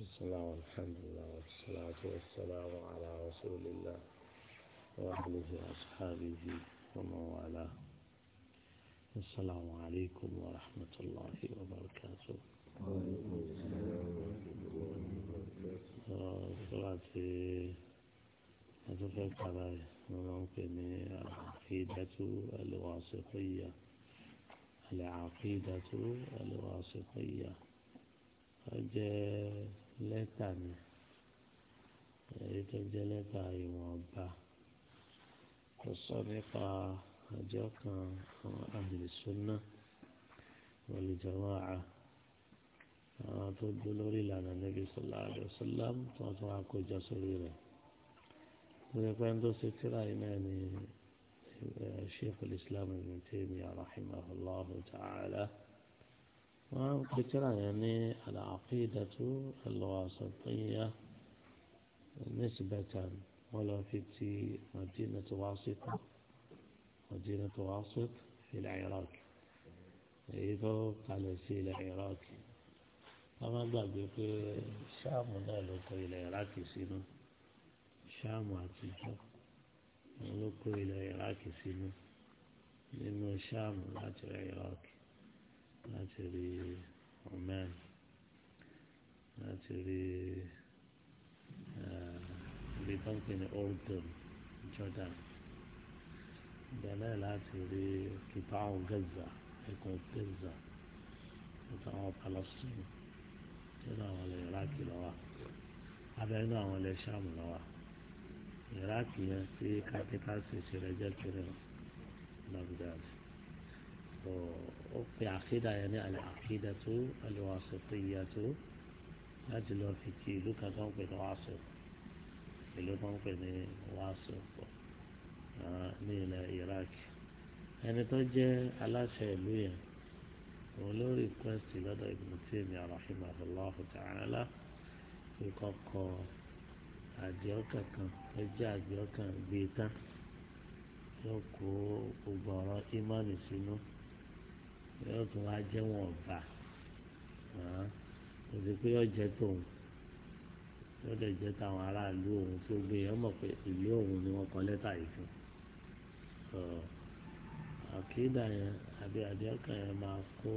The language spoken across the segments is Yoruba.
بسم الله والحمد لله والصلاة والسلام على رسول الله وأهله أصحابه ومن والاه السلام عليكم ورحمة الله وبركاته صلاتي أتوقع كبير ممكن العقيدة الواسطية العقيدة الواسطية lẹ́tà ni èyí tó jẹ́ lẹ́tà ìwọ̀nba tó sọ nípa àjọ kan àwọn àdìsúná olùjọ́wọ́ra àwọn tó dúró lórí ìlànà níbi sọlá àdìsúlá tó tún àkójọ sórí rẹ̀ lórí pé ń tó ṣe tíra yìí náà ni شيخ الإسلام ابن تيمية رحمه الله تعالى wọ́n ń pe tíra yẹn ní al-Aqidatu al-Wasitiyya nisbatan wọ́n lọ fi ti Madinatu Wasita Madinatu Wasita fil Iraq èyí tó kalẹ̀ sí ilẹ̀ Iraq wọ́n má gbàgbé pé sáàmù náà ló kó ilẹ̀ Iraq sínú sáàmù àtijọ́ ló kó ilẹ̀ Iraq sínú nínú sáàmù láti Iraq láti rí Oman láti rí eh, ibi tó ń pè ní Jordan Jordan ibẹ̀ náà láti rí kìtàwọ̀ Gaza ẹkùn Gaza kìtàwọ̀ Palestine nínú àwọn ilẹ̀ Iraki lọ́wọ́ abẹ́ nínú àwọn ilẹ̀ Sham lọ́wọ́ Iraki yẹn tí capital city rẹ̀ jẹ́ kiri Baghdad ó pe àkídà yẹn ní àlẹ́ àkídà tó àlùwàsó tó yíya tó láti lọ fi ti ìlú kan tó ń pè ní wàásù ìlú tó ń pè ní wàásù ní ilẹ̀ Iraq ẹni tó jẹ́ aláṣẹ ìlú yẹn òun ló rìkwẹ́sì lọ́dọ̀ Ibn Taymiyyah rahimahullahu ta'ala kíkọ́ kọ àdìọ́kàn kan tó jẹ́ àdìọ́kàn gbé tán yóò kó gbogbo ọ̀rọ̀ ìmánì sínú. yóò tún wá jẹ́ wọn ọ̀bà kò sí pé yóò jẹ́ tòun yóò dẹ̀ jẹ́ táwọn aráàlú òun tó gbé yẹn mọ̀ pé ìlú òun ni wọn kọ lẹ́tà yìí fún àkídà yẹn àbí àdéhùn yẹn máa kó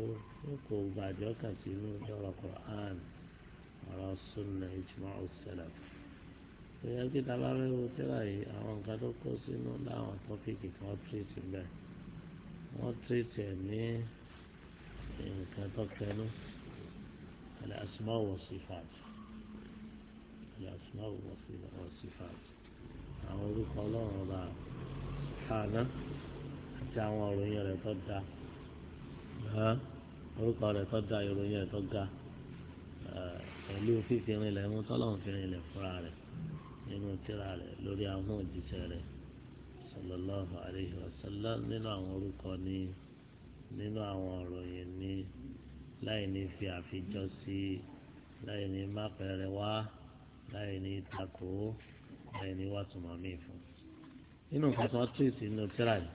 kó gba àdéhùn sínú lọ́rọ̀ Qur'an ọ̀rọ̀ sunna ijma salaf wo yìí àwọn nǹkan tó kó sínú láwọn tọ́pìkì kan tírìtì bẹ́ẹ̀ nǹkan tó kẹnu al-asmaa wa sifaat al-asmaa wa sifaat àwọn orúkọ ọlọ́run ọba ṣáná àti àwọn ìròyìn rẹ̀ tó da orúkọ rẹ̀ tó da ìròyìn rẹ̀ tó ga pẹ̀lú fífi rinlẹ̀ mú tọ́lọ́run fi rinlẹ̀ fúnra rẹ̀ nínú tírà rẹ̀ lórí àwọn òjíṣẹ́ rẹ̀ sallallahu alayhi wa sallam nínú àwọn orúkọ ní nínú àwọn ọ̀rọ̀ yẹn ni láì ní fi àfijọ́ sí láì ní má pẹ̀rẹ̀ wá láì ní takò láì ní wá tùmọ̀ mí fún. nínú nǹkan tó ń tírìtì nínú tíra yìí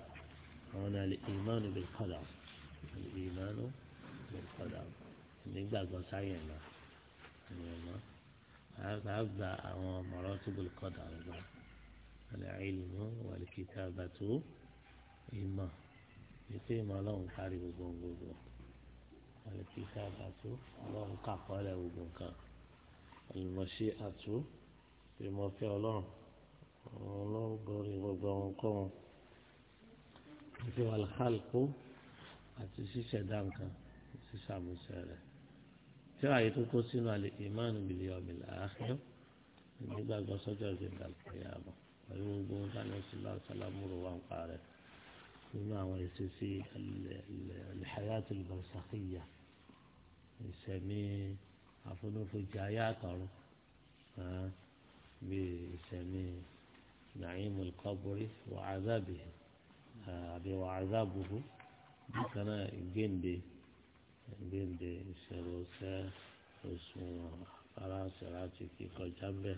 àwọn ni àlè ìmánu bil qadar àlè ìmánu bil qadar nígbàgbọ́ sáyẹn náà ènìyàn mọ́ àgbà àwọn ọmọọ̀rọ̀ tó bil qadar àgbà àlè àìlùmọ́ wal kitabatu ìmọ̀ ìpè ìmọ̀ ọlọ́run kárí gbogbo gbogbo àlùkìsà àtú ọlọ́run kàkọ́lẹ̀ gbogbo nǹkan àlùmọ̀ṣe àtú ìmọ̀fẹ́ ọlọ́run ọlọ́run borí gbogbo ohunkóhun ìfẹ́ alhálùkù àti ṣíṣẹ̀dá nǹkan ṣíṣàmùsẹ̀ rẹ̀ tí ààyè tó kó sínú àlè ìmánu bìlì ọ̀mìlà áhẹ́ nígbàgbọ́sọ́jọ́ ìgbàlùkọ̀ yà mọ̀ pẹ̀lú gbogbo ohun tí ní sílá ọ̀sán lámúrò wà ń parẹ́. بما وليس في الحياة البرسخية يسميه عفنو في جاياتر يسميه نعيم القبر وعذابه وعذابه كان جندي جندي سروسة اسمه فرا سراتي في قجبه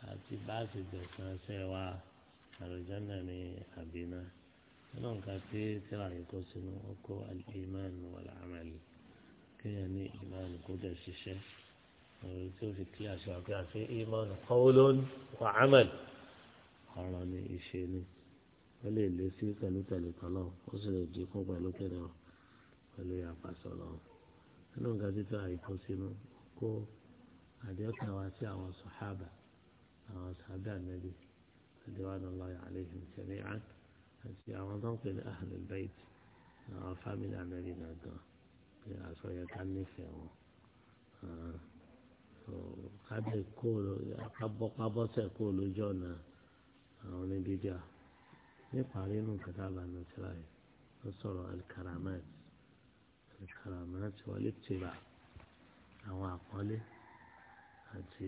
هاتي باسي جسنا سيوا الجنة ني أبينا ọlọ́run ká tí tíra rẹ̀ kó sínú ọkọ̀ alìmánu wàlàmàlì kéèyàn ní ìmánu kó dẹ̀ ṣiṣẹ́ ọ̀rọ̀ tí ó fi kí àṣà pé àṣẹ ìmánu kọ́wọ́lọ́n wàhámàlì ọ̀rọ̀ ni ìṣe ni ó lè lé sí pẹ̀lú pẹ̀lú tọ́lọ́ ó sì lè dínkù pẹ̀lú kẹ̀lẹ́ ọ̀ pẹ̀lú àpàṣọ lọ. nínú nǹkan tí tíra rẹ̀ kó sínú kó àdéhùn àwọn sàhábà àti àwọn tó ń pè ní ahlul bayt àwọn fámìlì ànábì gàngàn pé aṣọ yẹ ká nífẹ̀ẹ́ wọn ah, kábẹ̀ kó kábọ́sẹ̀ kó lójú ọ̀nà àwọn oníbíjà níparí nù kẹtàlá nù tíráyì ó sọ̀rọ̀ alikaramat alikaramat wọlé tìrà àwọn àpọ́nlé àti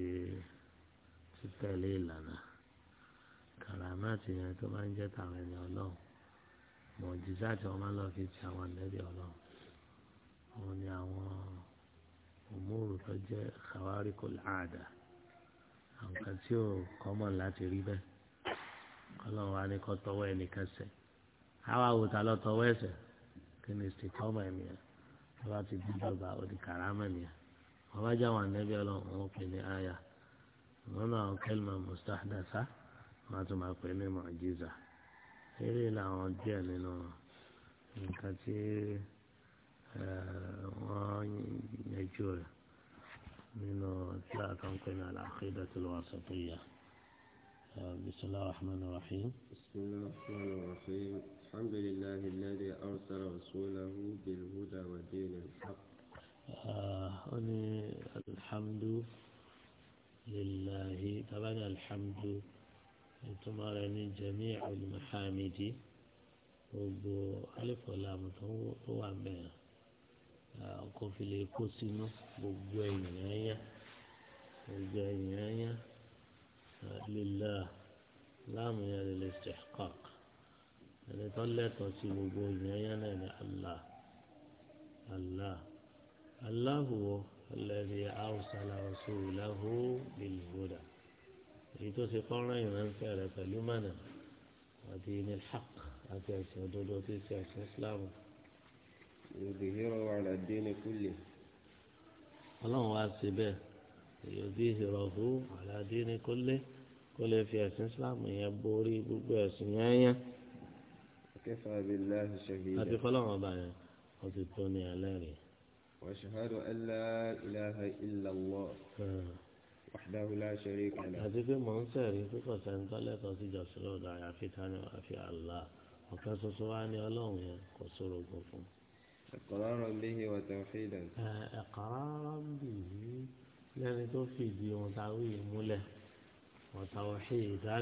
títẹ̀lé ìlànà kàràmáàtì yẹn tó máa ń jẹ́ tàwọn ẹni ọlọ́run mọ̀jísà tí wọ́n máa ń lọ fi ti àwọn ànábì ọlọ́run òun ni àwọn òmùrù tó jẹ́ kàwárí kò láàdà àwọn kan tí ò kọ́mọ̀ láti rí bẹ́ẹ̀ ọlọ́run wa ní kọ́ tọwọ́ ẹnìkan sẹ̀ àwa wò ta lọ tọwọ́ ẹsẹ̀ kí ni sì kọ́mọ̀ ẹ̀mí ẹ̀ tó bá ti gbígbọ́ba ó di kàràmà ẹ̀mí ẹ̀ bá jẹ́ àwọn ànábì ọlọ́run wọn pè ní àyà ìmọ̀nà àwọn kẹ́lìmọ̀ mustahadasa wọ́n á tún máa pè ní mọ̀jíza eré làwọn díẹ̀ nínú nǹkan tí wọ́n yanjú rẹ̀ nínú tí a kan pè ní al-aqidatul wasatiyya. بسم الله الرحمن الرحيم بسم الله الرحمن الرحيم الحمد لله الذي أرسل رسوله بالهدى ودين الحق أني الحمد لله طبعا الحمد ìtumọ̀ rẹ̀ ní jẹ̀mí olùmọ̀hámídì gbogbo alifọ̀lá àmọ̀tánwó tó wà bẹ́ẹ̀ ọkọ̀ fi lè kó sínú gbogbo ẹ̀yìn ẹ̀yà gbogbo ẹ̀yìn ẹ̀yà lílá láàmú yẹn lè lè ṣe kọ́k ẹni tó lẹ́tọ̀ọ́ sí gbogbo ẹ̀yìn ẹ̀yà náà ní allah allah allah wo alẹ́ ni àwùsálà rasulahu lil huda èyí tó ṣe fọ́nrán ìránṣẹ́ rẹ̀ pẹ̀lú mànà àti inilhaq àti ẹ̀sìn òdodo tí ṣe ẹ̀sìn islam. yòdìhìrọ̀ ala dini kulli. ọlọ́run wá sí bẹ́ẹ̀ yòdìhìrọ̀ hu ala dini kulli kó lè fi ẹ̀sìn islam yẹn borí gbogbo ẹ̀sìn yányá. kafa billahi shahida. àti fọlọ́run ọba yẹn wọ́n ti tó ní alẹ́ rẹ̀. wa ashhadu an la ilaha illa Allah. وحده لا شريك له àti pé mò ń sẹ̀rí pé kò sẹ́ni tó lẹ́tọ̀ọ́ sí ìjọsìn lọ́dọ̀ àyàfi tani àfi Allah ọ̀kan ṣoṣo wá ní ọlọ́run yẹn kò sọ̀rọ̀ gan fún. إقرارا به وتوحيدا. إقرارا به lẹ́ni tó fìdí wọn táwí múlẹ̀ وتوحيدا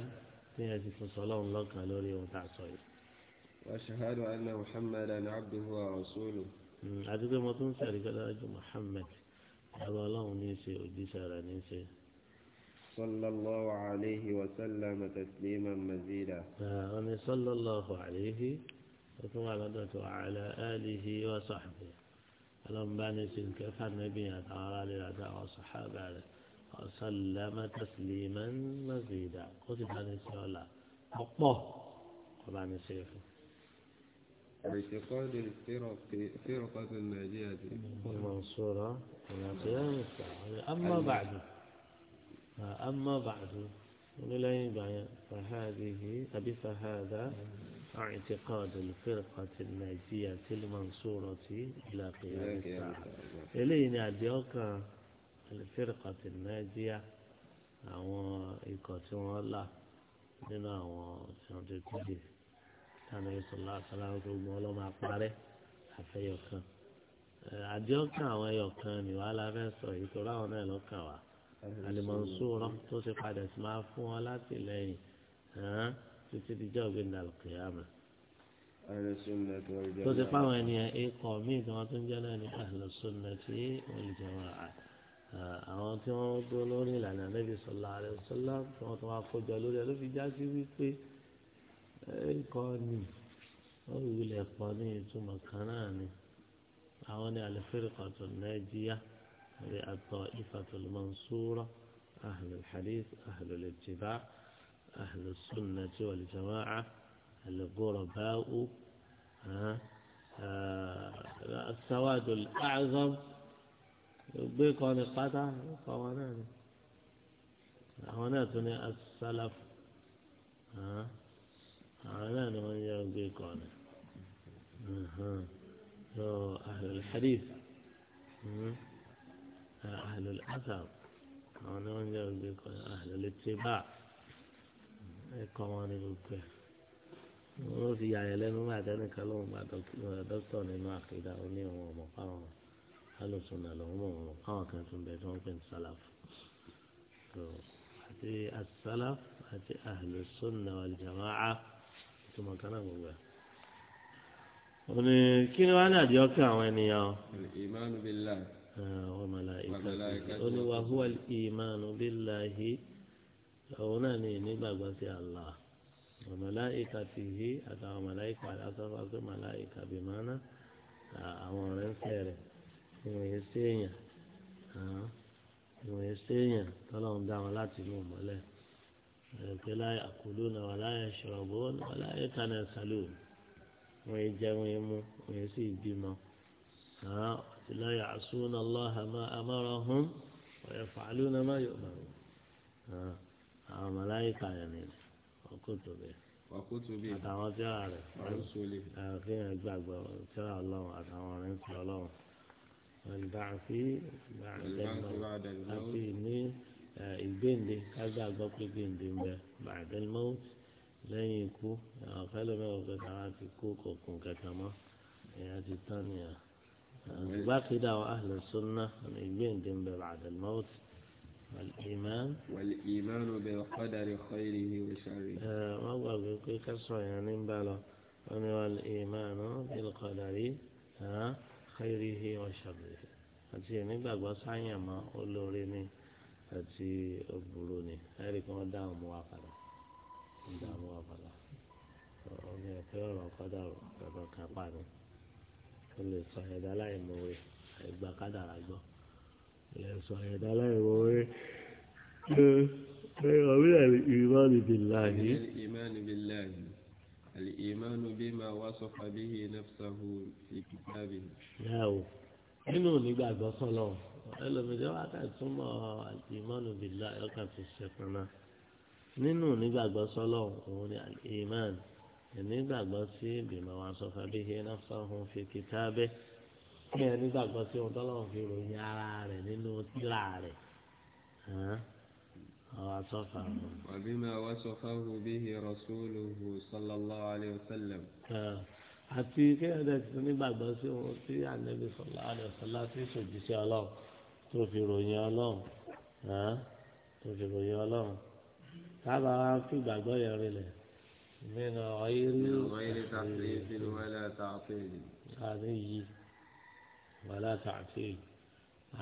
ní ẹ̀sìn fún sọlọ́run lọ́kàn lórí ohun tá a sọ yìí. وأشهد أن محمدا عبده ورسوله. àti pé mo tún sẹ̀rí pé lọ́jọ́ Muhammad. صلى الله عليه وسلم تسليما مزيدا صلى الله عليه وعلى آله وصحبه اللهم بني سنكف النبي تعالى لله وصحابه وسلم تسليما مزيدا قلت بني سيولا مقبوه وبني سيفه اعتقاد الفرق فرقة الناجية المنصورة إلى قيام الساعة أما بعد أما بعد فهذه أبي فهذا اعتقاد الفرقة الناجية المنصورة إلى قيام الساعة إلينا ديوكا الفرقة الناجية àwọn ikọ̀ tí أو àwọn tí wọ́n ti لنا la tànà ìsọlá àsálà tó gbọn ọlọmọ àparẹ àfẹyọkan àdéhùnkàn àwọn ẹyọkan ni wàhálà fẹ sọ ìtura àwọn náà lọkàn wa alimọ̀nsóorọ́ tó ti padà sí máa fún ọ láti lẹ́yìn hàn títí dijọ́ gbẹ̀ndà lùkìyàmù. tó ti fáwọn ènìyàn ikọ̀ míì tí wọ́n tún jẹ́ náà ní àlùsùnà tí olùjẹ̀wọ̀n àwọn tí wọ́n dúró lórí ìlànà Ànábì sallallahu alaihi wasallam tí wọ́n tún wá kójọ lórí ẹ̀ ló fi já sí wípé. ìkọ́ni wọ́n wí ilẹ̀ kọ́ni ìtumọ̀ kan náà ni àwọn ní al-firqatu an-najiyah àti at-ta'ifatu al-mansura ahlu al-hadith ahlu al-ittiba' ahlu as-sunnati wal-jama'ah al-ghuraba'u as-sawadu al-a'zam gbé kọ́ni pátá kọ́ wọn náà ni àwọn náà tún ní as-salaf. معناه أنه يرزقك عنه أهل الحديث أهل الأثر أنا يرزقك أهل الاتباع كمان يقول wọ́n fi yàyà lẹ́nu wá àtẹnìkan lóun bá dókítà nínú àkìdá oní àwọn ọmọ káwọn alùsùnà lòun mọ̀ wọn káwọn kan tún bẹ tí wọ́n pè ní sálàf àti asálàf àti ahlùsùnà wàlìjàmáà. ìtumọ̀ kan náà gbogbo ẹ̀. ó ní kí ni wàá nàdí ọkàn àwọn ènìyàn. ìmánu bíláà. wọ́n mọ̀lá ìkàtúntì ó ní wàá hùwà ìmánu bíláàhì òun náà ní ìnígbàgbọ́ sí Allah mọ̀lá ìkàtìhì àtàwọn mọ̀lá àtàwọn àti mọ̀lá ìkàbí mọ́ná àwọn ọ̀rẹ́ ń fẹ́rẹ̀ ìwọ̀n yẹn séèyàn ìwọ̀n yẹn séèyàn tọ́lọ́run dá wọn láti inú mọ́lẹ̀ pé láyé àkùlù náà wà láyé ṣọ̀rọ̀bù wà láyé tánà sàlù wọ́n yé jẹun yé mu wọ́n yé sì bímọ. àti láyé àsùn aláha máa amára hún wọ́n yẹ fàálù náà má yọ̀ mọ̀ àwọn màláyíkà yẹn ni ọkùtù bẹ́ẹ̀ àtàwọn tí ara rẹ àfihàn gbàgbọ́ tí ara Ọlọ́run àtàwọn ọ̀rẹ́ ti Ọlọ́run ìbáàfin آه، البين الجندي أرجع بين دي بعد الموت لن يكون غالبا وقتها في كوكو كون كتما هذه الثانية آه، باقي دعوة أهل السنة البين دي بعد الموت والإيمان والإيمان بالقدر خيره وشره آه، يعني يعني ما أقول في كسر يعني بالا والإيمان بالقدر خيره وشره àti ẹ̀mí gbàgbọ́ sáyẹ̀mọ́ olóore ni. àti ọ̀bùrù ni ẹ̀rí kí wọ́n dáhùn mú wa padà dáhùn mú wa padà ọmọ ẹ̀fẹ́ ọ̀rọ̀ kọ́dà ọ̀rọ̀ kan pa mi ó lè sọ ẹ̀dá láì mọ̀wé ẹ̀gbà kádàrà gbọ́ lè sọ ẹ̀dá láì mọ̀wé ọ̀rọ̀ ìmánu bìláyì. ìmánu bìláyì alìmánu bí máa wá sọ fàbíyì náfṣàhù ìkìtàbí. yáà o nínú onígbàgbọ́ sọ́lọ́ ẹlòmídé wa kà túmọ̀ àlìmánù bìlá ẹ̀ka fi ṣẹ̀pọ̀nà nínú onígbàgbọ́ sọ́lọ́ òun ni àlìmán ìnígbàgbọ́ sí bìmọ̀ wa sọ fàbí hẹ́ náfà òun fi kíkà bẹ́ kí ẹ nígbàgbọ́ sí ohun tọ́lọ́ fi ròyìn ara rẹ̀ nínú tíra rẹ̀ وصفه وبما وصفه به رسوله صلى الله عليه وسلم àti kéèyàn dẹ̀ ti nígbàgbọ́ sí ohun tí ànábi sọ̀lá àdàsọ́lá ti sòjíṣẹ́ ọlọ́run tó fi ròyìn ọlọ́run tó fi ròyìn ọlọ́run tábà wá fi ìgbàgbọ́ yẹn rinlẹ̀ nínú ọ̀yẹ́rì àti yìí wàlá tààtì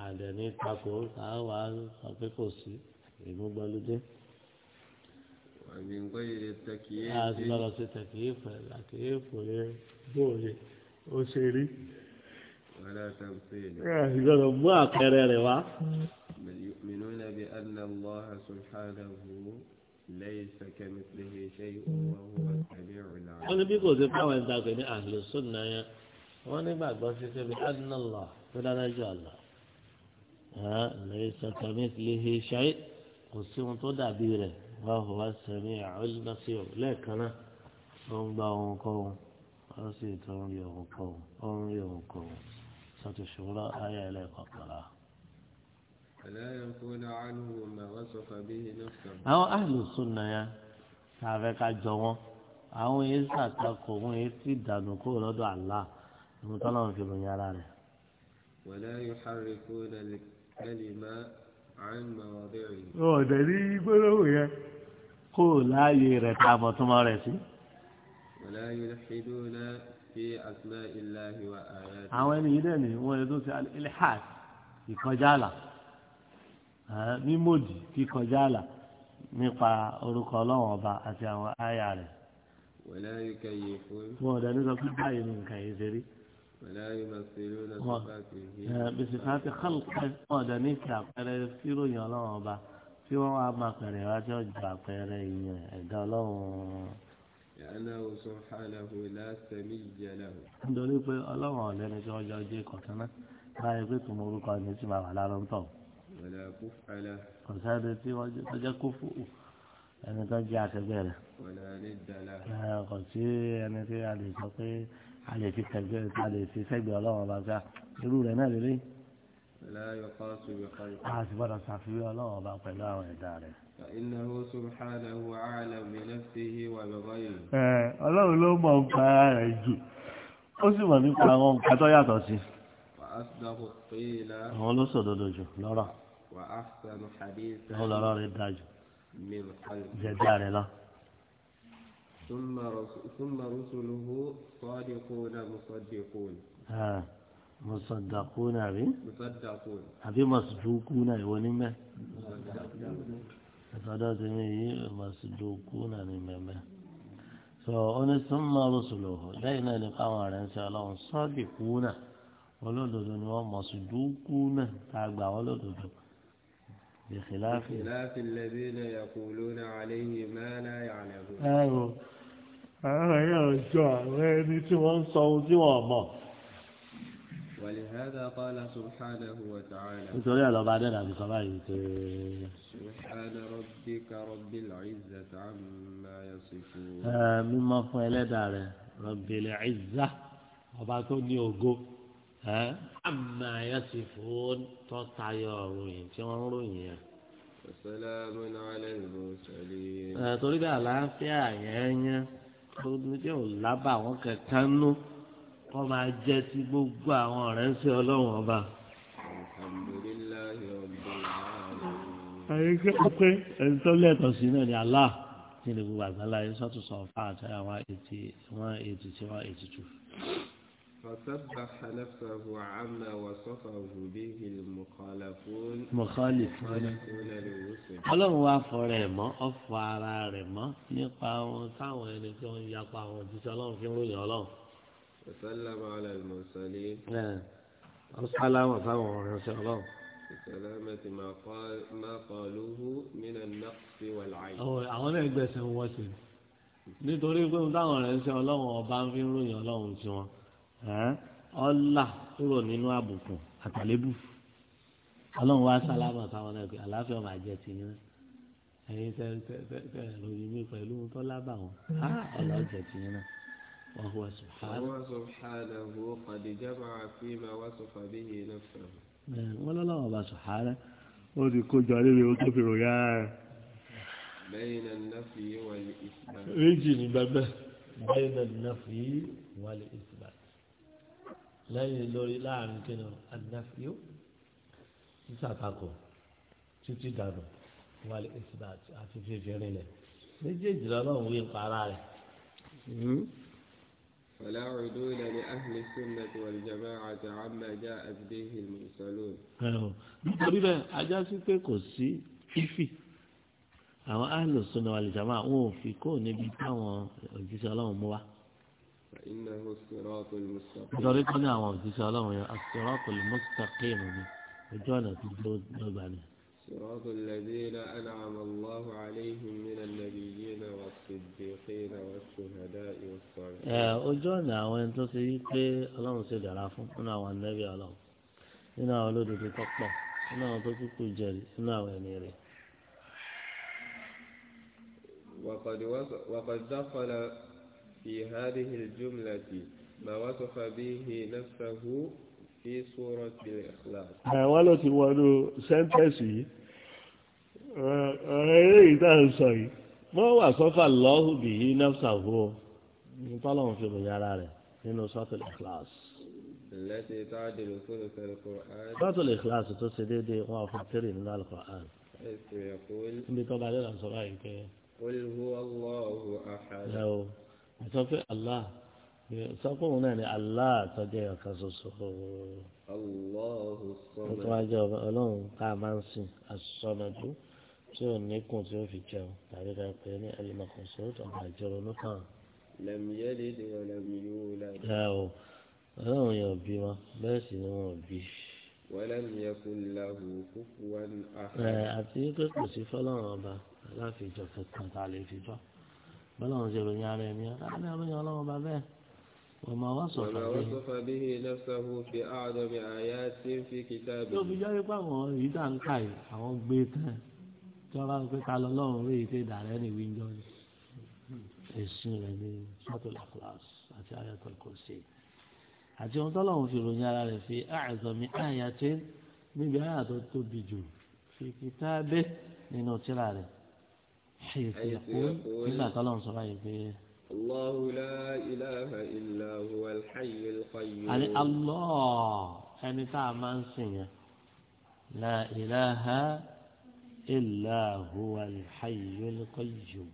àdẹ̀ ní takò táwa sọ pé kò sí ìmúgbọ́lódé. من غير التكييف لازم درس التكييف والعكيف تكييف ولا وسيري ولا تمثيل يقولون ما قرر رواه بل يؤمنون بأن الله سبحانه ليس كمثله شيء وهو السميع العليم. أنا بيقول بحاول داقين أهل السنة يا وأنا بعد بسيطة بأن الله فلا tó الله ها ليس كمثله شيء sọ̀tàmí lè وهو السميع البصير لكن أم باهم قوم أسيت أم يوم قوم أم يوم قوم ستشغل آية إليك القراءة فلا يكون عنه ما وصف به نفسه أو أهل السنة يا تعرف الجوان أو yìí ṣàtakò wọn yìí ti dànù في lọ́dọ̀ àlá ìmú tọ́lá ń fi ròyìn ara rẹ̀. wala yuharrifuna kó láàyè rẹ̀ ká bọ̀ túmọ̀ rẹ̀ sí. àwọn ẹni yìí dẹ̀ ni wọ́n lè tó ṣe ilhad ìkọjá àlà mímòdì kíkọjá àlà nípa orúkọ ọlọ́wọ́n ọba àti àwọn àyà rẹ̀. wọ́n ọ̀dà nígbà pé báyìí ni nǹkan yìí ṣe rí. bísí fàtí kọ́lùkẹ́ wọ́n ọ̀dà ní kí àpẹẹrẹ fíròyìn ọlọ́wọ́n ọba tí wọ́n wá máa pẹ̀rẹ̀ wá tí wọ́n gba pẹ̀rẹ̀ ìyẹn ẹ̀dá ọlọ́run. yàrá o sọ hàlàhù lásàmì ìjẹlẹ̀hù. nítorí pé ọlọ́run ọ̀lẹ́ni tí wọ́n jọ jẹ́ kọ̀ọ̀kan náà báyìí pé tòun orúkọ ni tí màá wà lára ń tọ̀. kò sẹ́ni tí wọ́n jẹ́ kó fún ẹni tó jẹ́ akẹgbẹ́ rẹ̀. kò sí ẹni tí a lè sọ pé a lè fi a sì gbọ́dọ̀ ṣàfihàn ọlọ́run ọba pẹ̀lú àwọn ẹ̀dá rẹ̀. ọlọ́run ló mọ̀ nípa rẹ̀ jù ó sì mọ̀ nípa àwọn nǹkan tó yàtọ̀ sí. àwọn ló sòdodo jù lọ́rọ̀. ọlọ́rọ̀ rẹ̀ dájú. jẹ̀dá rẹ̀ lọ. ثم رسله صادقون مصدقون musadakuna àbí àbí masudukuna ìwọ ní mẹ ìtọ́jú ti ní yí masudukuna ní mẹ́mẹ́ so oní súnmọ́ rusuluhu lẹ́yìn náà ní káwọn ọ̀rẹ́ ń ṣe ọlọ́run sọ́ọ̀dì kúnà olódodo ni wọ́n masudukuna tá a gbà wọ́n lódodo. بخلاف بخلاف الذين يقولون عليه ما لا يعلمون. أيوه. أيوه. أيوه. أيوه. أيوه. أيوه. أيوه. ولهذا قال سبحانه وتعالى سبحان ربك رب العزة عما يصفون مما فعل داره رب العزة وبعثوا نيوغو عما يصفون تطعيا روين تيوان روين وسلام على المرسلين تريد على فيها يعني تريد على بعض كتنو kọ́ máa jẹ́ sí gbogbo àwọn ọ̀rẹ́ ń ṣe ọlọ́run ọba. àyíké pé ẹni tó lẹ́tọ̀ọ́ sí náà ni Allah ní ilé gbogbo àgbàlá yìí sọ́tù sọ fún àti àwọn ètì wọn ètì tí wọ́n ètì tù. فسبح نفسه عما وصفه به المخالفون مخالفون ọlọ́run wá fọ rẹ̀ mọ́ ọ fọ ara rẹ̀ mọ́ nípa ohun táwọn ẹni tó وسلم على المرسلين السلام عليكم ورحمة الله بسلامة ما قال ما قالوه من النقص والعيب àwọn náà gbẹ̀sẹ̀ wọ́n sí nítorí pé ohun táwọn rẹ̀ ń ṣe ọlọ́run ọba ń fi ń ròyìn ọlọ́run tiwọn ọlà kúrò nínú àbùkù àtàlébù ọlọ́run wá sálámà táwọn náà pé àlàáfíà máa jẹ ti yín ẹ̀yin tẹ tẹ tẹ ròyìn mi pẹ̀lú ohun tó lábàá wọn ọlọ́run jẹ ti yín náà. وهو سبحانه وهو سبحانه قد جمع فيما وصف به نفسه ولا لا الله سبحانه ودي كل جانب يوتف رجاء بين النفي والإثبات رجل بابا بين النفي والإثبات لا يلوري لا يمكن النفي يساتاكو تítí dànù wàlẹ̀ ìsìbàtì àti fífi rìn lẹ̀ méjèèjì فلا عدول لأهل السنة والجماعة عما جاءت به المرسلون nítorí bẹ́ẹ̀ ajá sí pé kò sí fífì àwọn ahlu sunna wal jamaa wọn ò fi kó níbi táwọn òjíṣẹ́ ọlọ́run mú wa. nítorí kan ní àwọn òjíṣẹ́ ọlọ́run yẹn as-siratul mustaqim ni ojú ọ̀nà tó dúró lọ́gbà ni. صراط الذين أنعم الله عليهم من النبيين والصديقين والشهداء والصالحين ojú ọ̀nà àwọn ẹni tó ṣe yí pé ọlọ́run ṣe dára fún nínú àwọn ànábì ọlọ́run nínú àwọn olódodo tó pọ̀ nínú àwọn tó kúkú jẹ̀rì nínú àwọn ẹni rẹ̀. وقد دخل في هذه الجملة ما وصف به نفسه àwọn ló ti wọnú sẹ́ńtẹ́sì yìí ọ̀rọ̀ eré yìí tá à ń sọ yìí wọ́n wà sọ́fà lọ́hùn bìí nafsa hó ní tọ́lọ́hún fi ròyìn ara rẹ̀ nínú sọ́tò ikhlas. sọ́tò ikhlas tó ṣe déédéé wọn àfọ tẹ́lẹ̀ nínú al-Qur'an. níbi tó bá dé là ń sọ báyìí pé. olùwọ́ sọ́kùnrin náà ni Allah tọ́jú ẹ̀yọ̀ kan ṣoṣo. wọ́n tún wá jẹ́ ọlọ́run tá a máa ń sìn àṣọ̀nàdú tí ò níkùn tí ó fi jẹun tàbí ká pè é ní alimakoso ọ̀gá ìjọba onúkàn. lẹ́mìíyẹ́lì ni wọ́n lẹ́mìí yóò láyé. ọlọ́run yóò bí wọn bẹ́ẹ̀ sì ni wọ́n bí. àti pé kò sí fọlọ́run ọba aláfijọ́ kankan tá a lè fi bọ́ bọ́lá ṣe ròyìn ara ẹni ọlọ́run ọba bẹ́ẹ̀. وما وصف وما وصف به نفسه في أعظم آيات في كتابه tó fi jáde pé àwọn èyí tá ń kà yìí àwọn gbé tán tí wọ́n bá ń pè ká lọ lọ́rùn rí ìpè dàrẹ́ ní wíńdọ́ ni èsì rẹ̀ ní sọ́tòlá class àti ayatul kursi àti ohun tọ́lọ́run fi ròyìn ara rẹ̀ fi أعظم آيات níbi àyà tó tóbi jù fi kitabe nínú tírà rẹ̀ ṣe ìfìyàpó nígbà tọ́lọ́run sọ báyìí pé. الله لا إله إلا هو الحي القيوم يعني الله يعني تعمل لا إله إلا هو الحي القيوم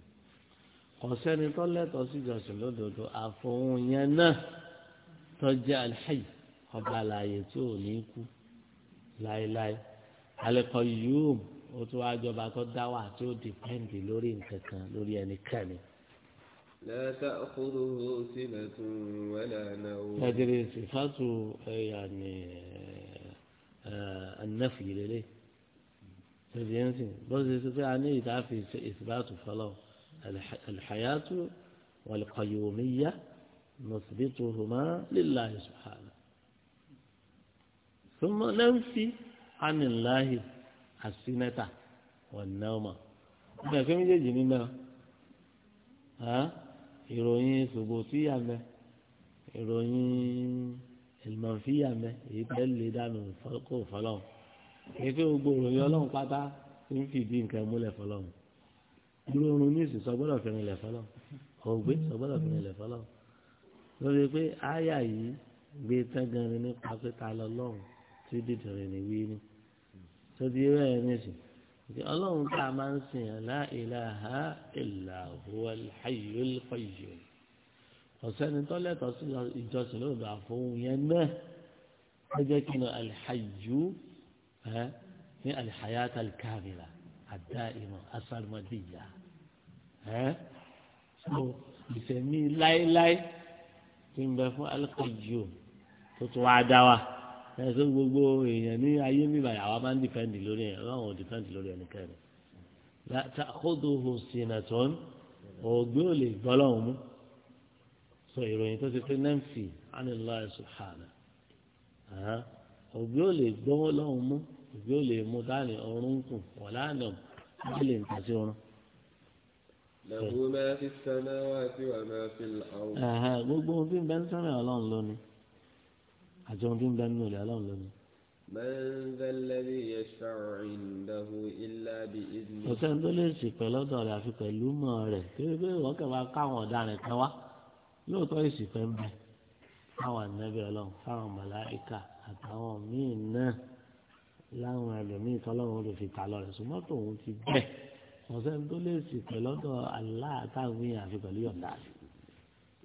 قسني طلت أسيجا سلودو أفون ينا تجا الحي ọba àlàyé tí ò ní kú láéláé àlẹkọ yìí ó tó لوري jọba tó dá لا تأخذه سنة ولا نوم هذه صفات يعني آه، النفي لليه تبينتي بس يستطيع أن يتعافي إثباته فلو الحياة والقيومية نثبتهما لله سبحانه ثم ننفي عن الله السنة والنوم ما كم يجي ها ìròyìn sògòtì yà mẹ ìròyìn ìmọ̀fí yà mẹ èyí tẹ́ lè dànù kó fọlọ́hùn èyí pé gbogbo ìròyìn ọlọ́run pátá ń fìdí nǹkan múlẹ̀ fọlọ́hùn dúró oorun ní ìsìn sọgbọ́dọ̀ fi rìnlẹ̀ fọlọ́hùn ògbé sọgbọ́dọ̀ fi rìnlẹ̀ fọlọ́hùn lórí pé àyà yìí gbé tẹ́gànrin nípa pé ta lọ lọ́hùn tí dídìrín ní wí ni tó di rẹ̀ ní ìsìn ọlọ́run tá a máa ń sìn yàn la ilaha illa huwa al-hayyul qayyum ọ̀sẹ́ni tọ́lẹ̀tọ̀ sí ìjọsìn lóòdù àfọwọ́n yẹn náà ẹ jẹ́ kí ni al-hayyu ẹ ní al-hayat al-kamila ad ẹ so ìsẹ̀mí láéláé ti ń bẹ fún al tó tún wá dá wa ẹsẹ gbogbo èèyàn ní ayé nígbà yàrá máa ń dìpẹ́ǹdì lórí ẹ̀ ọlọ́run ò dìpẹ́ǹdì lórí ẹnikẹ́ni kódòhùn sinatọ́n ọ̀gbẹ́ ò lè gbọ́lọ́hùn mú sọ ìròyìn tó ti pé nẹ́ǹfì ánìláì sùhánà ọ̀gbẹ́ ò lè gbọ́lọ́hùn mú ọ̀gbẹ́ ò lè mú dání ọ̀run kù wọ̀lá àná bí lè nǹkan sí ọ̀run. gbogbo ohun tí ń bẹ ń sọ́nà ọlọ́run lónìí àti ohun tí ń bẹ nínú ilẹ̀ ọlọ́run lónìí. kò sẹ́ni tó lè sì pẹ̀ lọ́dọ̀ rẹ̀ àfi pẹ̀lú mọ̀ rẹ̀ kéré pé wọ́n kẹ̀ wá káwọn ọ̀daràn kan wá lóòótọ́ ìsìnkẹ́ ń bẹ káwọn ànábì ọlọ́run fáwọn màláìka àtàwọn míì náà láwọn ẹlòmíì tọ́lọ́run ó lè fi ta lọ́rẹ̀ ṣùgbọ́n tòun ti bẹ́ẹ̀ kò sẹ́ni tó lè sì pẹ̀lú yọ̀ǹda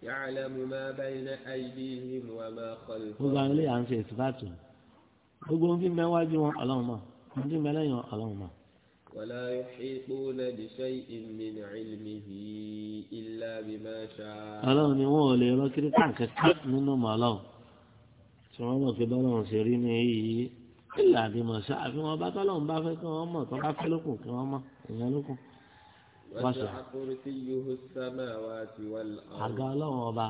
yàlẹ́mu máa bẹ́yìn àìdíhìn wà máa kọ́lé. gbogbo àwọn eléyà ń fi ìsìbáàtù gbogbo ohun tí ń bẹ wájú wọn ọlọ́run mọ̀ ohun tí ń bẹ lẹ́yìn ọlọ́run mọ̀. wàlá ìṣèpò náà di ṣe ìmìnà ìlmi yìí ilá bí máa ṣá. ọlọ́run ni wọn ò lè rọ kiri káàkiri ká nínú màlọ́ọ̀ tí wọ́n mọ̀ pé bọ́lọ́run ṣe rí ní èyí ilà bí máa ṣá àfi wọn bá tọ́lọ́run bá fẹ́ kí wọ́n mọ̀ tó fẹ́ lókun kí wọ́n mọ̀ ìyẹn wọ́n sọ. àga ọlọ́run ọba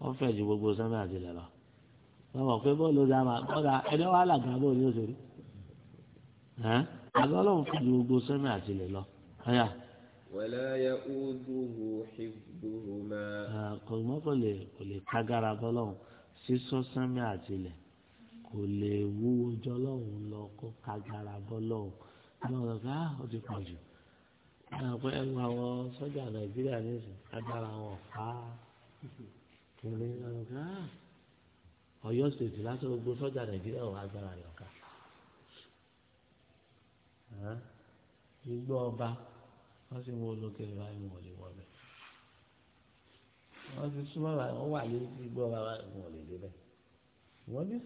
wọ́n fẹ̀ ju gbogbo sẹ́mi àti ilẹ̀ lọ. wọ́n mọ̀ pé bọ́ọ̀lù ọjà máa kọ́dà ẹni wàá làgà bọ́ọ̀lù yóò ṣe rí. àga ọlọ́run fẹ̀ ju gbogbo sẹ́mi àti ilẹ̀ lọ. ولا يؤوده حفظهما. kò mọ́ kò lè kò lè kágára bọ́lọ́run sísọ sẹ́mi àti ilẹ̀ kò lè wúwo jọlọ́run lọ kó kágára bọ́lọ́run. ọlọ́run ká ah, ó ti pọ̀ jù àwọn ẹnu àwọn sọ́jà nàìjíríà nìsín agbára wọn fà á kìnìún ní ọ̀gá ọ̀yọ́ sèkì lásán gbogbo sọ́jà nàìjíríà wọn agbára rẹ̀ ọ̀ka igbó ọba wọ́n sì mú olókè báyìí wọ́n lè wọ́n bẹ̀ wọ́n ti súnmọ́ báyìí wọ́n wà lé igbó ọba báyìí wọ́n lè dé bẹ̀ wọ́n ní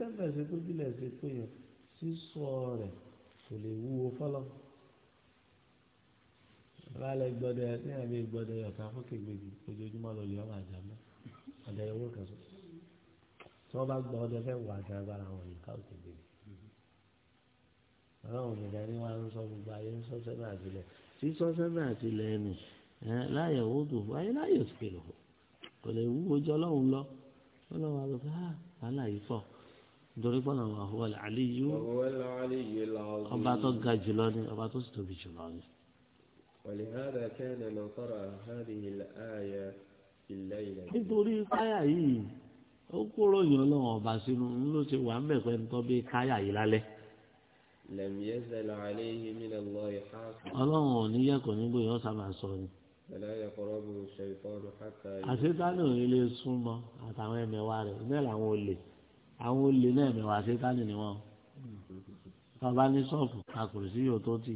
tó bílẹ̀ ṣe pé sísọ rẹ̀ kò lè wúwo fọ́lọ́ balẹ̀ gbọ́dọ̀ ẹ̀ sẹ́yìn àbí gbọ́dọ̀ ẹ̀ ọ̀tá fún kẹgbẹ́jì ojoojúmọ́ lọ lè ọmọ àjà mọ́ ọ̀dọ̀ ẹ̀ wó kan sọ. tí wọ́n bá gbọ́ ọdẹ fẹ́ wà gan agbára wọn yìí káwọ́ kẹgbẹ́jì. ọlọ́run mi dání wá ń sọ gbogbo ayé ń sọ sẹ́mi àtìlẹ̀ tí sọ sẹ́mi àtìlẹ̀ ẹni láyẹ̀ wó dùn fún ayé láyẹ̀ òsèlè kò lè wú ojú ọlọ́run lọ ọlọ́run ah, wa lọ fẹ́ ọba tó ga jùlọ ni ọba tó sì tóbi jùlọ ni. ولهذا كان من قرأ هذه الآية في الليلة nítorí káyà yìí ó kúrò yín ọlọ́run ọba sínú ń ló ṣe wà ń bẹ̀ pẹ́ nǹkan bí káyà yìí lálẹ́. لم يزل عليه من الله حافظ. ọlọ́run ò ní yẹ kò ní gbé yọ sábà sọ ni. فلا يقربه الشيطان حتى. àṣetánì ò ní lè súnmọ́ àtàwọn ẹ̀mẹ̀wá rẹ̀ bẹ́ẹ̀ làwọn olè àwọn olè náà ẹ̀mẹ̀wá àṣetánì ni wọ́n. tọ́ba ní ṣọ́ọ̀fù kakùrù sí yòótọ́ tì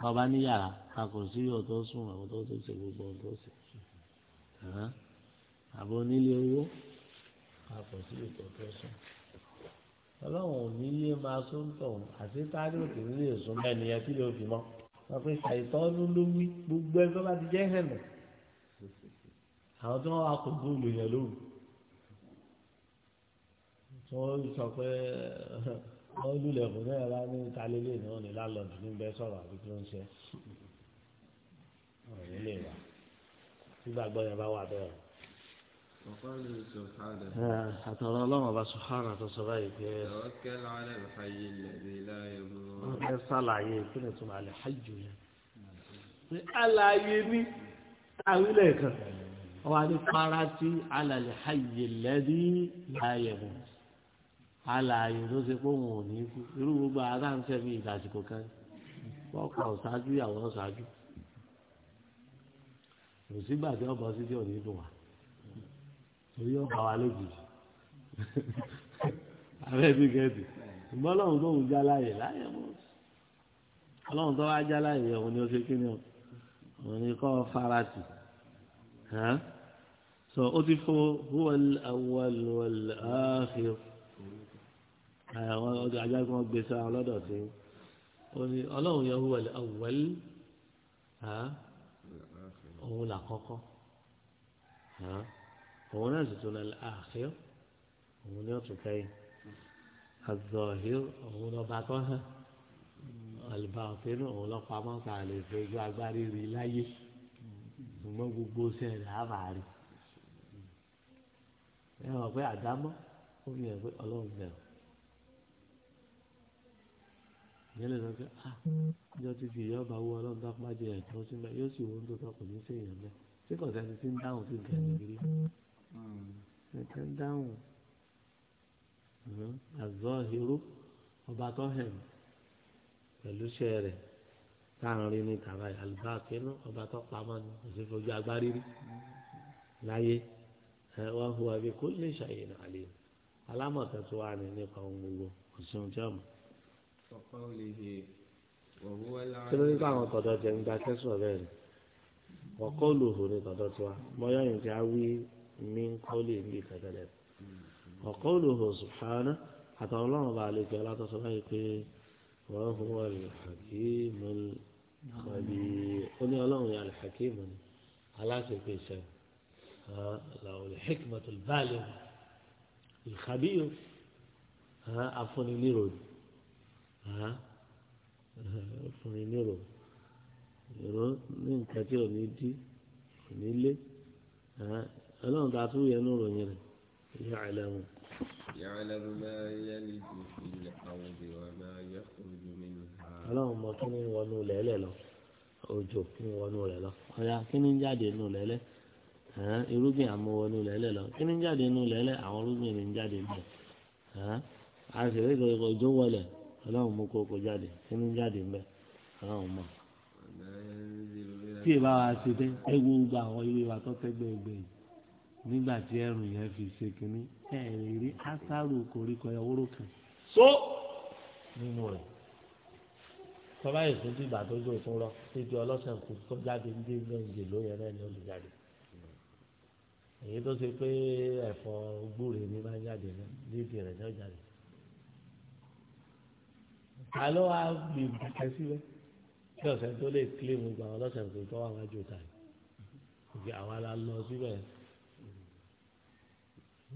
tọ́ba ní yàrá akọ̀sí yọ̀ tó sùn àwọn tó tó ṣe gbogbo ọ̀hún tó ṣe àbọ̀ onílé owó akọ̀sí yọ̀ tó tó sùn ọlọ́run òní lé máa sún tọ̀ àti tárí òkè nílé èso mẹ́ni ẹ tí lè fi mọ́ wọ́n pe ṣàìtọ́nú ló wí gbogbo ẹ tó bá ti jẹ́ hẹ̀nà àwọn tí wọ́n wá kó bóòlù yẹn lóru tí wọ́n sọ pé wọ́n lulẹ̀ fún náírà ní ìtàlélẹ̀ náà ní lálọ́ọ̀dù níbẹ̀ sọ̀rọ̀ àbí tí wọ́n ń ṣe ọ̀rọ̀ yìí lè wà gbígbàgbọ́ yẹn bá wà bẹ́ẹ̀ o. àtọ̀rọ̀ ọlọ́run ọba sùhánà tó sọ báyìí pé. wọ́n fẹ́ sàlàyé kí ni tó máa lè hajj yẹn. pé àlàyé ní àwílẹ̀ kan wọ́n á ní parati alàlẹ́ hajj lẹ́dí láàyè mu alààyè tó ṣe pé òun ò ní kú irú gbogbo adáǹtẹ̀ bíi ìdásìkò kan wọ́n kọ̀ ṣáájú ìyàwó ṣáájú kò sígbà tí ọkọ̀ sí tí ò ní dùn wá torí ọba wa lójijì ààrẹ bí gẹ̀ẹ́dì ṣùgbọ́n ọlọ́run tó ń jáláyè láyè mọ́ ọlọ́run tó wá jáláyè òun ni ó ṣe kí ni òun ni kọ́ farati so ó ti fún huwal awwal wal akhir àwọn ajagun ọgbẹ́sẹ̀ àwọn ọlọ́dọ̀ sí ó ní ọlọ́run yẹ huwal awwal òun là kọ́kọ́ òun náà sì tún lọ àṣẹ òun ni ó tún kẹ́yìn àzọ̀hìr òun lọ́ba tó hàn àlùbáwọ̀tẹ́nu òun lọ́ pamọ́ ká lè fojú agbárí rí láyé ṣùgbọ́n gbogbo sẹ́ẹ̀rẹ̀ á ẹ mọ̀ pé àdámọ́ ó fi hàn pé ọlọ́run bẹ̀rù. ìyẹn lè sọ pé ah ìjọ ti fi ìyá ọba wọ ọlọ́run tó má jẹ ẹ̀tọ́ sí mẹ́ yóò sì wọ́n tó tọ́ kò ní sí èèyàn mẹ́ tí kò sẹ́ni tí ń dáhùn sí nǹkan ìgbìrì nǹkan dáhùn àzọ irú ọba tó hẹ̀m pẹ̀lú iṣẹ́ rẹ̀ táàrin ní tàbá àlùbá kínú ọba tó pamọ́ ní òsì fojú agbárí rí láyé wa huwa bi kulli shay'in alim alámọ̀tẹ́tù wà ní nípa ohun gbogbo òsì ohun tí wọ́n mọ̀ kí ló ní kí àwọn tọ̀dọ̀ jẹ ń gba kẹ́sùn ọ̀rẹ́ rẹ̀ ọ̀kọ́ lòhùn ní tọ̀dọ̀ tiwa mọ́yọ́yìn tí a wí mí ń kọ́ lè ní ìkẹ́kẹ́lẹ́ ọ̀kọ́ lòhùn subhana àtàwọn ọlọ́run bá lè gbẹ́ látọ̀sọ báyìí pé wọ́n ń wọ alhakimu kọ́bí ó ní ọlọ́run yà alhakimu ni aláṣepé iṣẹ́ làwọn olùhẹ́kìmọ̀tò báàlì ìkàbíyò afúniléròyìn ọkùnrin nírò ìró ní nǹkan tí ò ní dí kò ní lé ọlọ́run ta tún yẹnu ròyìn rẹ̀ ìyá àlẹ́mu. يعلم ما يلد في الأرض وما يخرج منها ọlọ́run mọ kí ni wọnú lẹ́lẹ̀ lọ òjò kí ni wọnú rẹ̀ lọ ọ̀yà kí ni jáde nù lẹ́lẹ̀ irúgbìn àmọ́ wọnú lẹ́lẹ̀ lọ kí ni jáde nù lẹ́lẹ̀ àwọn irúgbìn ni jáde nù a sì rí ìgbà òjò wọlé ọlọ́run mú kókó jáde sínú jáde mbẹ ọlọ́run mọ̀. tí ìbá wa ṣe dé ẹ wo gba àwọn ìwé wa tó tẹ́gbẹ́ ẹgbẹ́ yìí nígbà tí ẹrù yẹn fi ṣe kínní ẹ rí rí ásáró koríko ẹwúrò kan só nínú rẹ̀ tọ́lá yìí fún bíbà tó gbé òkun lọ títí ọlọ́sẹ̀ kù tó jáde ní gbé ǹjẹ́ ló yẹn náà ni olùjáde èyí tó ṣe pé ẹ̀fọ́ gbúre ní máa jáde náà níbi rẹ̀ náà jáde àlọ́ wa gbè kẹ̀kẹ́ síbẹ̀ kí ọ̀sẹ̀ tó lè kílèmù gba àwọn ọlọ́sẹ̀ tó tọ́ àwọn àjò tà yìí àwọn ala lọ síbẹ̀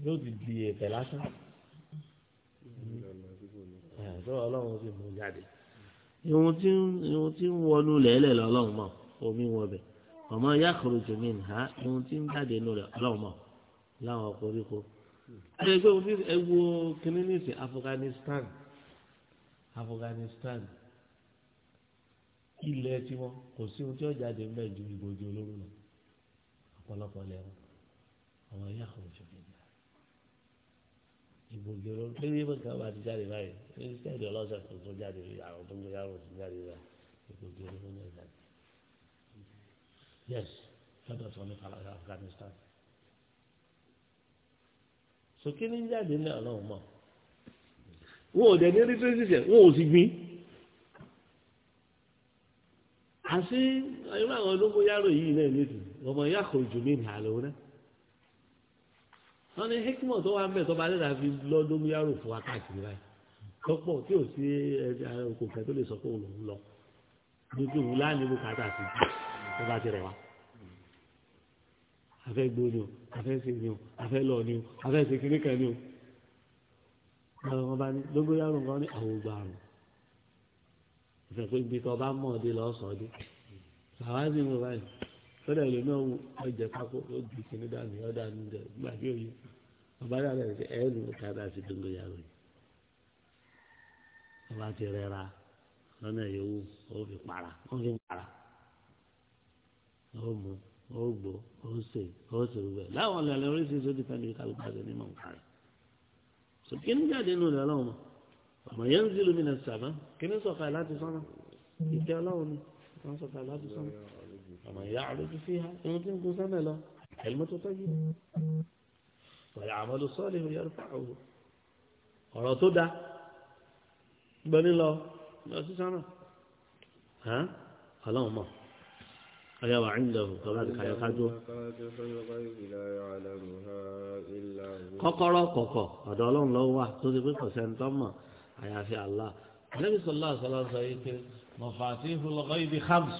yóò ti di ẹ̀fẹ̀ lásán tó ọlọ́run ti mú jáde ìhun tí ń wọnú lẹ́lẹ̀ lọ́lọ́run mọ̀ omi wọn bẹ̀ ọmọ yàkùrù jùmí nìha ìhun tí ń jáde nù rẹ̀ mọ̀ láwọn koríko. ẹ gbé ewu kínní nìsín Afghanistan. Afghanistan ilẹ̀ tiwọn kò sí ohun tí ó jáde ńbẹ̀ ju ìbòjú olóró lọ ọ̀pọ̀lọpọ̀ lẹ́wọ̀n àwọn ẹ̀yà àwọn òṣèlú ìjà ìbòjú olóró pé bí bọ́ǹkà bá ti jáde báyìí ní sẹ́ẹ̀dì ọlọ́sẹ̀ tó tó jáde rí àwọn tó ń gbé yàrá òsì jáde rẹ̀ ìbòjú olóró náà jáde. yes fẹ́dọ̀ tó ní Afghanistan. sókè ní jáde ní ọlọ́run mọ́ wọn ò dẹ̀ ní rí tracy sẹ̀ wọn ò sì gbìn àti irú àwọn olóko yàrá yìí náà nìtì ọmọ ìyá kò jù mí nà lọ rẹ wọn ní hikmọ tó wà ń bẹ tó bá lẹ́dàá fi lọ́dún yàrá fún wa káàkiri báyìí lọ́pọ̀ tí ò sí okò kẹ́ tó lè sọ pé òun lọ nítorí òun láàánú ìlú kàtà sí tó bá ti rẹ̀ wá afẹ́ gbó o afẹ́ sè o afẹ́ lọ ni o afẹ́ sè kíníkan ni o àwọn ọba ní dógóyàrò nǹkan ní àwọn ògbà àrùn ìfẹ́ pé ibi tó ọba mọ̀ ọdẹ lọ sọ ọdẹ làwọn sì ń wọ báyìí sọdọ ìlú náà wù ọjà pákó ó di kìnní dànù ọdà níjẹ gbà bí òye ọba dàda ẹ ẹ ní kàdà sí dógóyàrò yìí ọba ti rẹra lọ́nà yòówù ó fi para ó fi para ó mu ó gbó ó sè ó sè rúbẹ láwọn ọ̀lẹ́lẹ́ so kí ni jáde nínú rẹ̀ ọlọ́run àmọ́ yẹn ń zílu mi náà sàmá kí ni sọ̀kà láti sánmà ìkẹ́ ọlọ́run ni wọ́n sọ̀kà láti sánmà àmọ́ ìyá àlejò fi ha ìwọ́n ti ń kun sánmà lọ ẹ̀lmọ́ tó tọ́jú wọ́n yà àmọ́ ló sọ́ọ̀lì ìhòyà rẹ̀ fáwọn ọ̀rọ̀ tó da gbọ́ni lọ sí sánmà ọlọ́run mọ̀ ألا وعنده كما ذكر kọ́kọ́rọ́ kọ̀kọ̀ ọ̀dọ̀ Ọlọ́run ló wà tó ti pé pẹsẹntọ mọ àyàfi Allah Nabi sallallahu alaihi wasallam yìí pé mafatihul ghaibi khams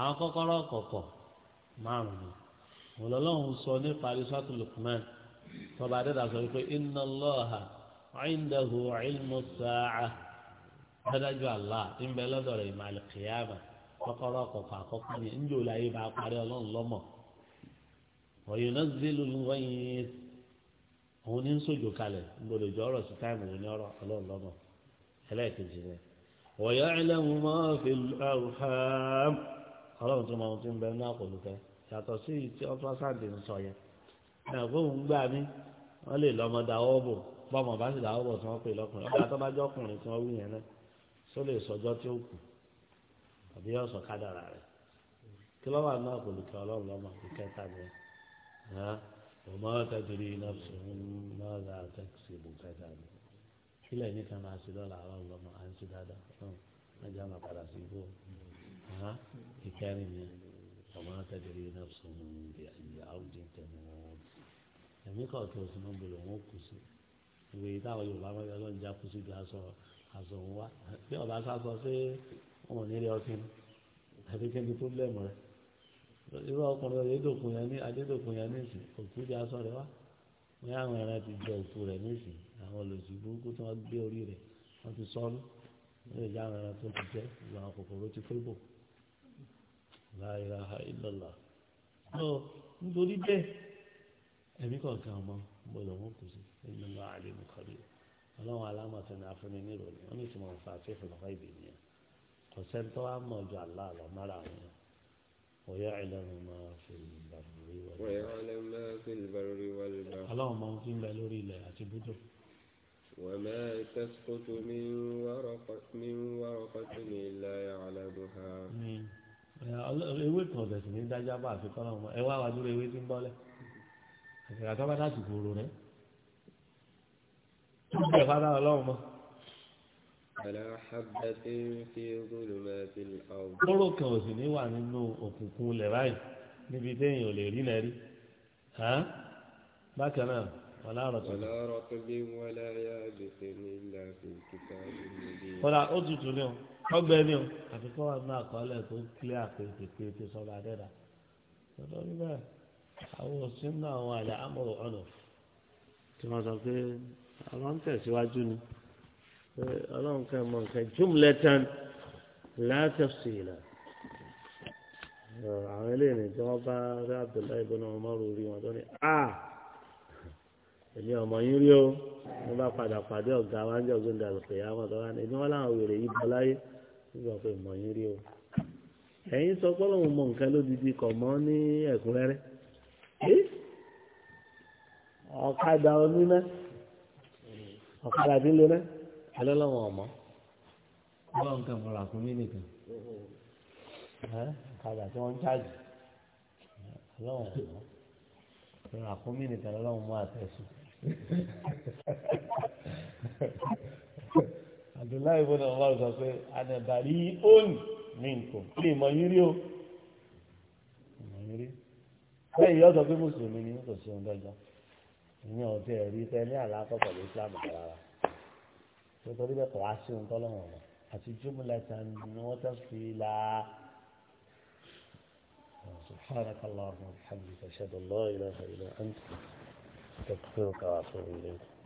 àwọn kọ́kọ́rọ́ kọ̀kọ̀ márùnún Ọlọ́run sọ ní parí suratul Luqman tọba adéda sọ pé inna Allaha indahu ilmu sa'ah dájú Allah ń bẹ lọ́dọ̀ kìyàmà kọ́kọ́rọ́ kọ̀kọ́ àkọ́kọ́ ni ń jòlá yìí bá parí ọlọ́run lọ́mọ̀ ọ̀yìn náà zélu ní wọ́n yin òun ní ń sòjò kalẹ̀ gbọdọ̀ jọ ọ̀rọ̀ sí táìmù òun ní ọ̀rọ̀ ọlọ́run lọ́mọ̀ ẹlẹ́ẹ̀kejì rẹ̀ ọ̀yọ́ ẹlẹ́mu máa fi arham ọlọ́run tó máa ti ń bẹ ní àpòlùkẹ́ yàtọ̀ sí ti ọ́fọ́sáàdì ń sọ yẹn náà gbà mí wọ́n lè lọ́mọ àbí ọ̀sọ̀ kádàrà rẹ̀ kí lọ́wọ́ àná àpòlùkẹ́ ọlọ́run lọ́mọ ìkẹta ni ọmọ tẹ̀tẹ̀rì nọ́ọ̀sì mọ́ra tẹ̀sí bùkẹ́tà ni kílẹ̀ ní kan máa ṣe lọ́la ọlọ́run lọ́mọ à ń ṣe dáadáa fún ẹja máa padà sí ibò ìkẹrin ni ọmọ tẹ̀tẹ̀rì nọ́ọ̀sì ìyá àwùjẹ tẹ̀mú ẹ̀mí kọ̀ọ̀kẹ́ òsì náà wọn kù sí ìwé wọn ò ní rí ọtí àti kí ni pọ́blẹ́mù rẹ̀ irú ọkùnrin adédòkun yẹn ní adédòkun yẹn nísìn òkú di aṣọ rẹ̀ wá wọn yà àwọn ẹran ti jẹ òkú rẹ̀ nísìn àwọn olùsìn burúkú tí wọn gbé orí rẹ̀ wọn ti sọnù wọn lè já àwọn ẹran tó ti jẹ ìlú àwọn kòkòrò ti pé bò láìra ìlọlá lọ nítorí bẹ́ẹ̀ ẹ̀mí kọ̀ọ̀kan ọmọ gbọ́dọ̀ wọn kù sí ìlú àlè mọkàlẹ Ọlọ́run alámọtẹ ní afúnni níròlẹ wọn ní ìtumọ̀ nfa àti ìfọlọfà ìbènìyàn kò sẹ́ńtọ́ wa mọ̀ ju àlá lọ mọ́ra wọn òye ìlànà máa fi ìbàrúrí wọlé. ọlọ́run máa ń fi ń bẹ lórí ilẹ̀ àti búdò. وما تسقط من ورقة من ورقة إلا يعلمها. ewé kan ọ̀sẹ̀ sì ní dájá bá àfi kọ́ lọ́wọ́ ẹ wá wá dúró ewé tí ń bọ́lẹ̀ àgbẹ̀rẹ̀ àtọ́bá láti gbòòrò rẹ̀ tó bẹ̀ fádà ọlọ́run mọ́. Àlá habbatin fi zulumatil ard. Kóró kan ò sì ní wà nínú òkùnkùn ilẹ̀ báyìí níbi téèyàn ò lè rí náà rí. Bákan náà, wàlá rọ̀tọ̀. Wàlá rọ̀tọ̀ bí wàlá yá gbèsè ní ilà fi kíkà ìlú. Kọ́lá ó tutù ni o, ọgbẹ́ ni o, àfi kọ́ wà nínú àkọọ́lẹ̀ tó kílẹ̀ àpèjì pé ti sọ́ba dẹ́dà. Ọ̀dọ́ nígbà àwọn òsín náà wà lẹ́ àmọ̀rọ̀ ọ̀nà tí wọ́n sọ pé àwọn ni ọlọ́run kan mọ̀ nǹkan jumlatan la tafsila àwọn eléyìí tí wọ́n bá rí Abdullahi ibn Umar rí wọn tó ní a èmi ọmọ yín rí o wọ́n bá padà pàdé ọ̀gá wa ń jẹ́ ògbóǹda àlùkò ìyá wọn tó wá ní ẹni wọn láwọn wèrè yìí bọ́ láyé nígbà pé ìmọ̀ yín rí o ẹ̀yin sọ pé ọlọ́run mọ̀ nǹkan lódìdí kọ̀ mọ́ ní ẹ̀kúnrẹ́rẹ́ ọ̀kadà onímẹ́ ọ̀kadà dín lónẹ́ alọ́lọ́wọ́n ọ̀mọ́ bọ́ọ̀ nǹkan fọlá fún mi nìkan kàdà tí wọ́n ń ṣáàjì alọ́wọ́n ọ̀mọ́ fọlá fún mi nìkan lọ́wọ́n mú àtẹ̀sùn. Abdullahi ibùdó ọmọ sọ pé àdàbàrí òní mi nkò kí ni ìmọ̀ yín rí o ìmọ̀ yín rí bẹ́ẹ̀ yọ sọ pé mùsùlùmí ni kò sí ohun dọ́jọ́ ìyẹn ọ̀tẹ̀ rí tẹ́lẹ̀ àlàkọ̀ pẹ̀lú Islam rárá. nítorí bẹ́ẹ̀ kọ̀ wá sí ohun tọ́lọ́wọ̀n wọn àti سبحانك اللهم وبحمدك أشهد أن لا إله إلا أنت أستغفرك وأتوب إليك